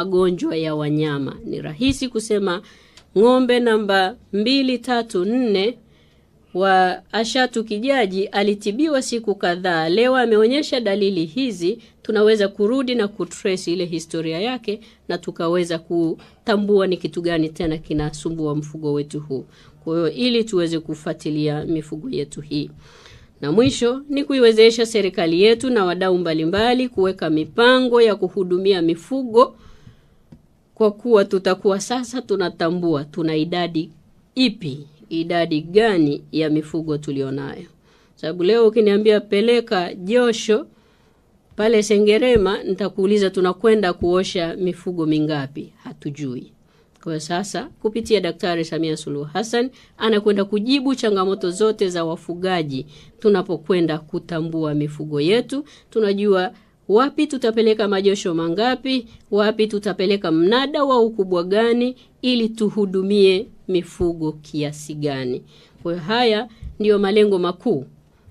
magonjwa ya wanyama. Ni rahisi kusema ng'ombe namba mbili tatu nne wa Ashatu Kijaji alitibiwa siku kadhaa, leo ameonyesha dalili hizi. Tunaweza kurudi na kutrace ile historia yake na tukaweza kutambua ni kitu gani tena kinasumbua mfugo wetu huu. Kwa hiyo ili tuweze kufuatilia mifugo yetu hii, na mwisho ni kuiwezesha serikali yetu na wadau mbalimbali kuweka mipango ya kuhudumia mifugo kwa kuwa tutakuwa sasa tunatambua tuna idadi ipi, idadi gani ya mifugo tulionayo. Sababu leo ukiniambia peleka josho pale Sengerema, nitakuuliza tunakwenda kuosha mifugo mingapi? Hatujui. Kwa sasa kupitia Daktari Samia Suluhu Hassan anakwenda kujibu changamoto zote za wafugaji. Tunapokwenda kutambua mifugo yetu, tunajua wapi tutapeleka majosho mangapi, wapi tutapeleka mnada wa ukubwa gani, ili tuhudumie mifugo kiasi gani. Kwa hiyo haya ndiyo malengo makuu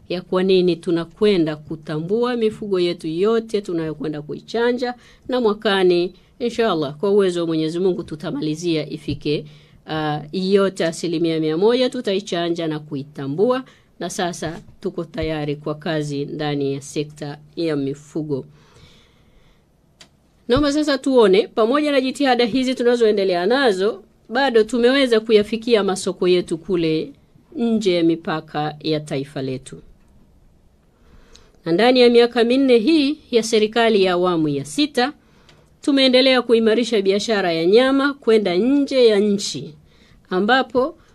ya kwa nini tunakwenda kutambua mifugo yetu yote tunayokwenda kuichanja, na mwakani inshallah kwa uwezo wa Mwenyezi Mungu tutamalizia ifike uh, yote asilimia mia moja tutaichanja na kuitambua na sasa tuko tayari kwa kazi ndani ya sekta ya mifugo. Naomba sasa tuone, pamoja na jitihada hizi tunazoendelea nazo, bado tumeweza kuyafikia masoko yetu kule nje ya mipaka ya taifa letu. Na ndani ya miaka minne hii ya serikali ya awamu ya sita tumeendelea kuimarisha biashara ya nyama kwenda nje ya nchi ambapo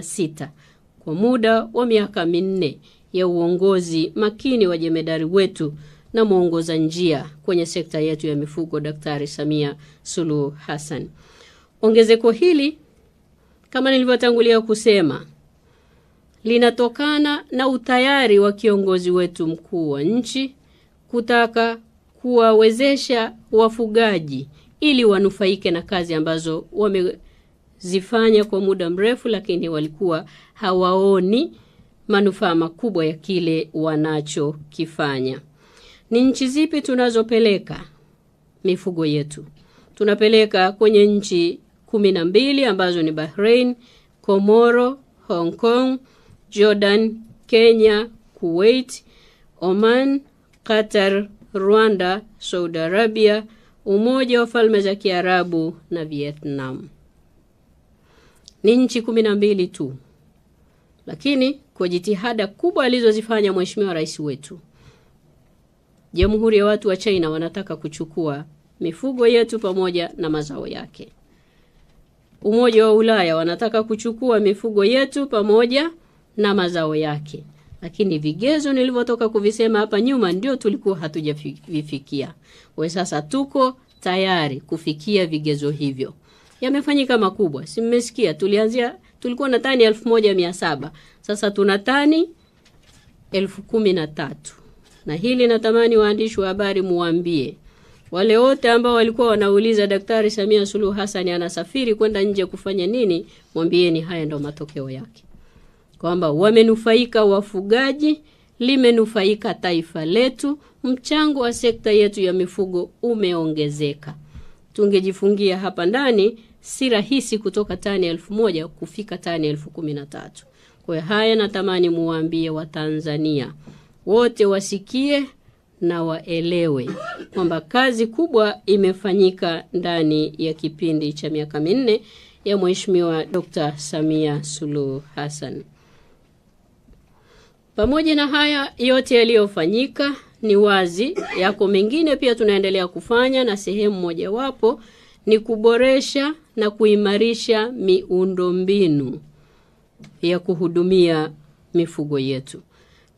sita kwa muda wa miaka minne ya uongozi makini wa jemedari wetu na mwongoza njia kwenye sekta yetu ya mifugo Daktari Samia Suluhu Hassan. Ongezeko hili kama nilivyotangulia kusema linatokana na utayari wa kiongozi wetu mkuu wa nchi kutaka kuwawezesha wafugaji ili wanufaike na kazi ambazo wame, kuzifanya kwa muda mrefu, lakini walikuwa hawaoni manufaa makubwa ya kile wanachokifanya. Ni nchi zipi tunazopeleka mifugo yetu? Tunapeleka kwenye nchi kumi na mbili ambazo ni Bahrain, Komoro, Hong Kong, Jordan, Kenya, Kuwait, Oman, Qatar, Rwanda, Saudi Arabia, Umoja wa Falme za Kiarabu na Vietnam ni nchi kumi na mbili tu, lakini kwa jitihada kubwa alizozifanya mheshimiwa rais wetu, Jamhuri ya Watu wa China wanataka kuchukua mifugo yetu pamoja na mazao yake. Umoja wa Ulaya wanataka kuchukua mifugo yetu pamoja na mazao yake, lakini vigezo nilivyotoka kuvisema hapa nyuma ndio tulikuwa hatujavifikia. Kwa sasa tuko tayari kufikia vigezo hivyo yamefanyika makubwa. Si mmesikia, tulianzia tulikuwa na tani elfu moja mia saba sasa tuna tani elfu kumi na tatu na hili natamani waandishi wa habari muwambie wale wote ambao walikuwa wanauliza Daktari Samia Suluhu hasani anasafiri kwenda nje kufanya nini, mwambieni haya ndo matokeo yake, kwamba wamenufaika wafugaji, limenufaika taifa letu. Mchango wa sekta yetu ya mifugo umeongezeka tungejifungia hapa ndani, si rahisi kutoka tani elfu moja kufika tani elfu kumi na tatu. Kwa haya natamani muwaambie Watanzania wote wasikie na waelewe kwamba kazi kubwa imefanyika ndani ya kipindi cha miaka minne ya mweshimiwa Dr. Samia Suluhu Hassan. Pamoja na haya yote yaliyofanyika ni wazi, yako mengine pia tunaendelea kufanya, na sehemu mojawapo ni kuboresha na kuimarisha miundombinu ya kuhudumia mifugo yetu.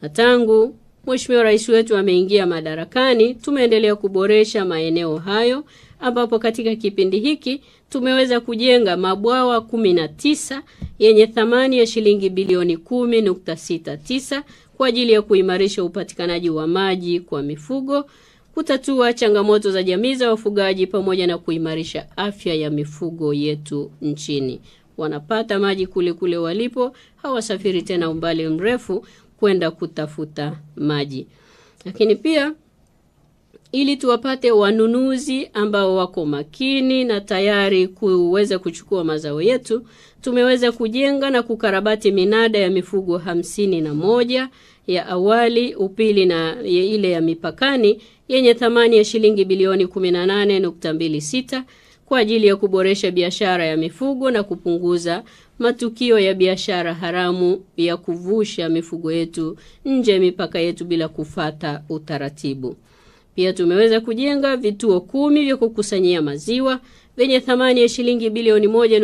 Na tangu Mheshimiwa Rais wetu ameingia madarakani, tumeendelea kuboresha maeneo hayo ambapo katika kipindi hiki tumeweza kujenga mabwawa 19 yenye thamani ya shilingi bilioni 10.69 kwa ajili ya kuimarisha upatikanaji wa maji kwa mifugo, kutatua changamoto za jamii za wafugaji pamoja na kuimarisha afya ya mifugo yetu nchini. Wanapata maji kule kule walipo, hawasafiri tena umbali mrefu kwenda kutafuta maji. Lakini pia ili tuwapate wanunuzi ambao wako makini na tayari kuweza kuchukua mazao yetu, tumeweza kujenga na kukarabati minada ya mifugo hamsini na moja ya awali, upili na ya ile ya mipakani yenye thamani ya shilingi bilioni 18.26 kwa ajili ya kuboresha biashara ya mifugo na kupunguza matukio ya biashara haramu ya kuvusha mifugo yetu nje ya mipaka yetu bila kufata utaratibu. Pia tumeweza kujenga vituo kumi vya kukusanyia maziwa vyenye thamani ya shilingi bilioni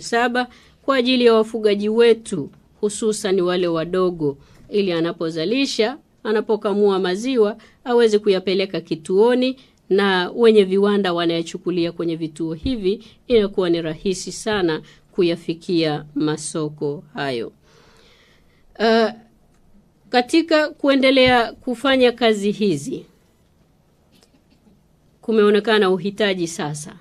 saba kwa ajili ya wafugaji wetu, hususan wale wadogo, ili anapozalisha anapokamua maziwa aweze kuyapeleka kituoni na wenye viwanda wanayachukulia kwenye vituo hivi, inakuwa ni rahisi sana kuyafikia masoko hayo. Uh, katika kuendelea kufanya kazi hizi kumeonekana uhitaji sasa.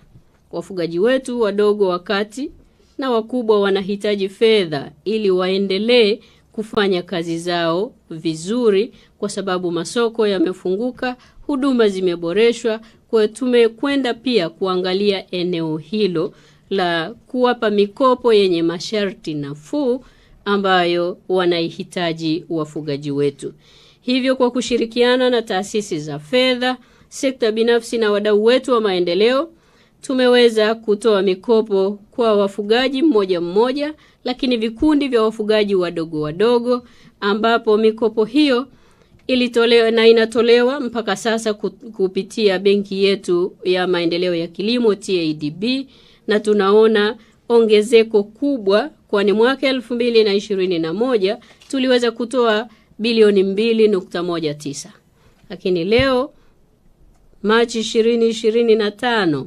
Wafugaji wetu wadogo wakati na wakubwa wanahitaji fedha ili waendelee kufanya kazi zao vizuri, kwa sababu masoko yamefunguka, huduma zimeboreshwa. Kwa tumekwenda pia kuangalia eneo hilo la kuwapa mikopo yenye masharti nafuu ambayo wanaihitaji wafugaji wetu. Hivyo, kwa kushirikiana na taasisi za fedha sekta binafsi na wadau wetu wa maendeleo. Tumeweza kutoa mikopo kwa wafugaji mmoja mmoja, lakini vikundi vya wafugaji wadogo wadogo, ambapo mikopo hiyo ilitolewa na inatolewa mpaka sasa kupitia benki yetu ya maendeleo ya kilimo TADB, na tunaona ongezeko kubwa, kwani mwaka 221 moja tuliweza kutoa bilioni 2.19 lakini leo Machi 2025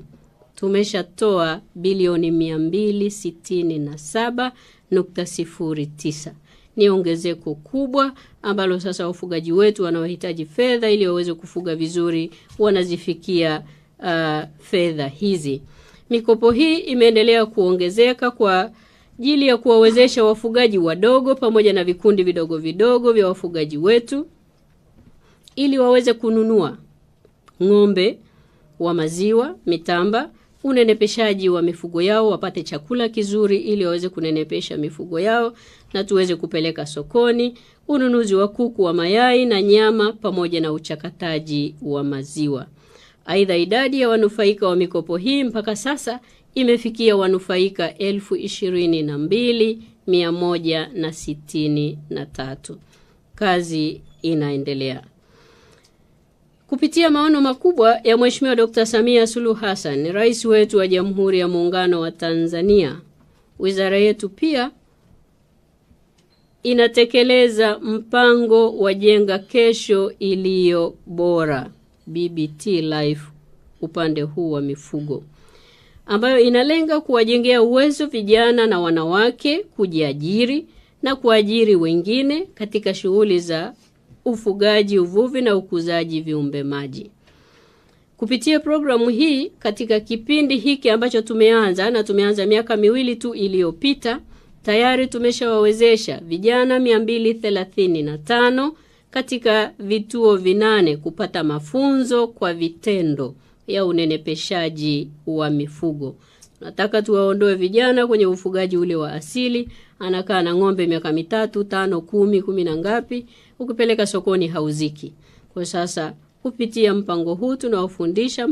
tumeshatoa bilioni 267.09. Ni ongezeko kubwa ambalo sasa wafugaji wetu wanaohitaji fedha ili waweze kufuga vizuri wanazifikia uh, fedha hizi. Mikopo hii imeendelea kuongezeka kwa ajili ya kuwawezesha wafugaji wadogo pamoja na vikundi vidogo vidogo vya wafugaji wetu ili waweze kununua ng'ombe wa maziwa, mitamba, unenepeshaji wa mifugo yao, wapate chakula kizuri ili waweze kunenepesha mifugo yao na tuweze kupeleka sokoni, ununuzi wa kuku wa mayai na nyama pamoja na uchakataji wa maziwa. Aidha, idadi ya wanufaika wa mikopo hii mpaka sasa imefikia wanufaika elfu ishirini na mbili mia moja na sitini na tatu. Kazi inaendelea. Kupitia maono makubwa ya Mheshimiwa Dr. Samia Suluhu Hassan, rais wetu wa Jamhuri ya Muungano wa Tanzania, wizara yetu pia inatekeleza mpango wa Jenga Kesho Iliyo Bora BBT Life upande huu wa mifugo, ambayo inalenga kuwajengea uwezo vijana na wanawake kujiajiri na kuajiri wengine katika shughuli za ufugaji, uvuvi na ukuzaji viumbe maji. Kupitia programu hii katika kipindi hiki ambacho tumeanza na tumeanza miaka miwili tu iliyopita, tayari tumeshawawezesha vijana 235 katika vituo vinane kupata mafunzo kwa vitendo ya unenepeshaji wa mifugo. Nataka tuwaondoe vijana kwenye ufugaji ule wa asili, anakaa na ng'ombe miaka mitatu, tano, kumi, kumi na ngapi ukipeleka sokoni hauziki. Kwa sasa kupitia mpango huu tunawafundisha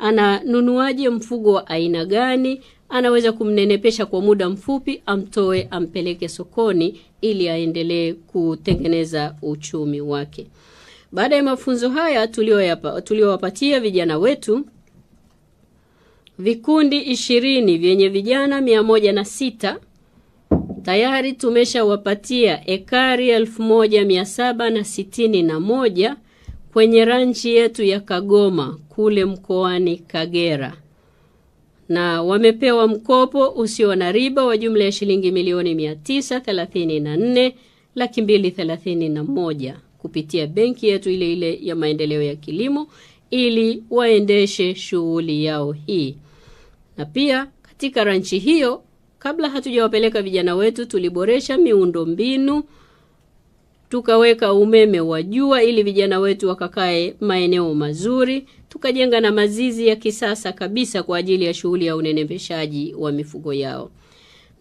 ananunuaje mfugo wa aina gani, anaweza kumnenepesha kwa muda mfupi, amtoe ampeleke sokoni ili aendelee kutengeneza uchumi wake. Baada ya mafunzo haya tuliowapatia vijana wetu, vikundi ishirini vyenye vijana mia moja na sita Tayari tumeshawapatia ekari elfu moja mia saba na sitini na moja kwenye ranchi yetu ya Kagoma kule mkoani Kagera na wamepewa mkopo usio na riba wa jumla ya shilingi milioni 934 laki mbili thelathini na moja kupitia benki yetu ile ile ya maendeleo ya kilimo ili waendeshe shughuli yao hii. Na pia katika ranchi hiyo Kabla hatujawapeleka vijana wetu, tuliboresha miundo mbinu, tukaweka umeme wa jua ili vijana wetu wakakae maeneo mazuri, tukajenga na mazizi ya kisasa kabisa kwa ajili ya shughuli ya unenepeshaji wa mifugo yao.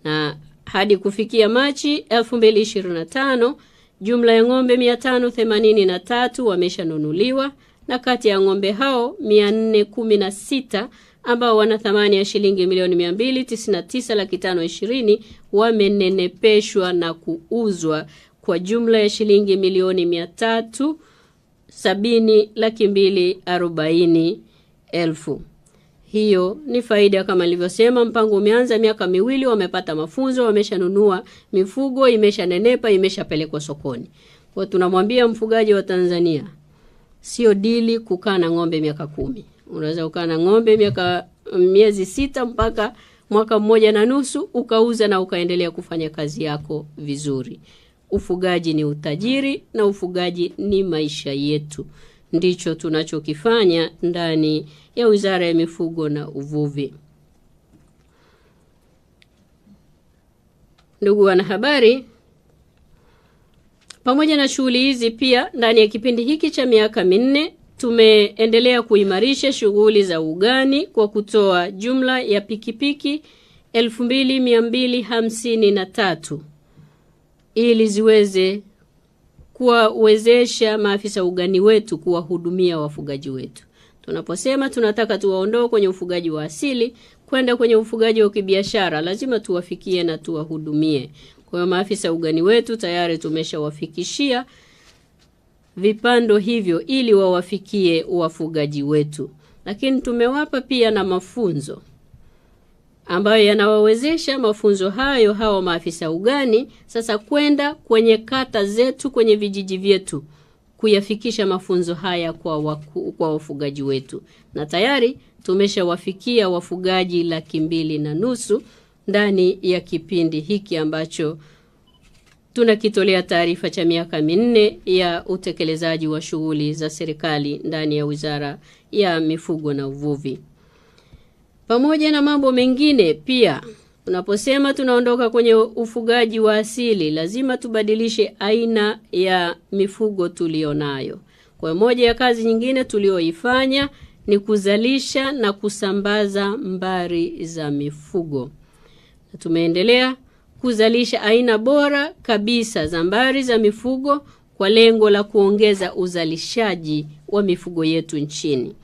Na hadi kufikia Machi 2025 jumla ya ng'ombe 583 wameshanunuliwa na kati ya ng'ombe hao 416 ambao wana thamani ya shilingi milioni 299520 ishirini wamenenepeshwa na kuuzwa kwa jumla ya shilingi milioni mia tatu sabini laki mbili arobaini elfu. Hiyo ni faida kama nilivyosema, mpango umeanza miaka miwili, wamepata mafunzo, wameshanunua mifugo, imeshanenepa, imeshapelekwa sokoni. Kwa tunamwambia mfugaji wa Tanzania, sio dili kukaa na ng'ombe miaka kumi. Unaweza ukaa na ng'ombe miaka miezi sita mpaka mwaka mmoja na nusu ukauza na ukaendelea kufanya kazi yako vizuri. Ufugaji ni utajiri na ufugaji ni maisha yetu. Ndicho tunachokifanya ndani ya Wizara ya Mifugo na Uvuvi. Ndugu wanahabari, pamoja na shughuli hizi pia, ndani ya kipindi hiki cha miaka minne Tumeendelea kuimarisha shughuli za ugani kwa kutoa jumla ya pikipiki 2253 ili ziweze kuwawezesha maafisa ugani wetu kuwahudumia wafugaji wetu. Tunaposema tunataka tuwaondoe kwenye ufugaji wa asili kwenda kwenye ufugaji wa kibiashara, lazima tuwafikie na tuwahudumie. Kwa hiyo maafisa ugani wetu tayari tumeshawafikishia vipando hivyo ili wawafikie wafugaji wetu. Lakini tumewapa pia na mafunzo ambayo yanawawezesha mafunzo hayo hawa maafisa ugani sasa kwenda kwenye kata zetu, kwenye vijiji vyetu kuyafikisha mafunzo haya kwa, waku, kwa wafugaji wetu, na tayari tumeshawafikia wafugaji laki mbili na nusu ndani ya kipindi hiki ambacho tunakitolea taarifa cha miaka minne ya utekelezaji wa shughuli za serikali ndani ya Wizara ya Mifugo na Uvuvi. Pamoja na mambo mengine pia, tunaposema tunaondoka kwenye ufugaji wa asili, lazima tubadilishe aina ya mifugo tulionayo. Kwa moja ya kazi nyingine tulioifanya ni kuzalisha na kusambaza mbari za mifugo. Tumeendelea kuzalisha aina bora kabisa za mbari za mifugo kwa lengo la kuongeza uzalishaji wa mifugo yetu nchini.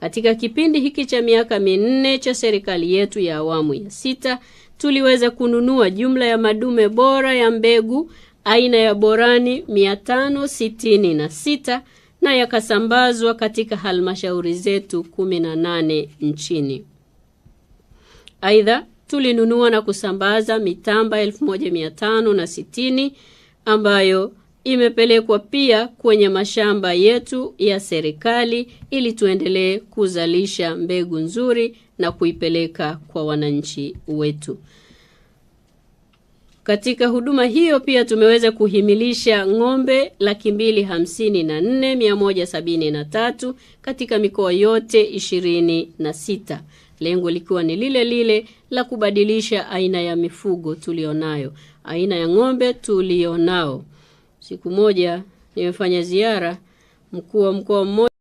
Katika kipindi hiki cha miaka minne cha serikali yetu ya awamu ya sita tuliweza kununua jumla ya madume bora ya mbegu aina ya borani 566 na yakasambazwa katika halmashauri zetu 18 nchini. Aidha, tulinunua na kusambaza mitamba 1560 ambayo imepelekwa pia kwenye mashamba yetu ya serikali ili tuendelee kuzalisha mbegu nzuri na kuipeleka kwa wananchi wetu. Katika huduma hiyo pia tumeweza kuhimilisha ng'ombe laki mbili hamsini na nne mia moja sabini na tatu katika mikoa yote ishirini na sita lengo likiwa ni lile lile la kubadilisha aina ya mifugo tulionayo, aina ya ng'ombe tulionao. Siku moja nimefanya ziara mkuu wa mkoa mmoja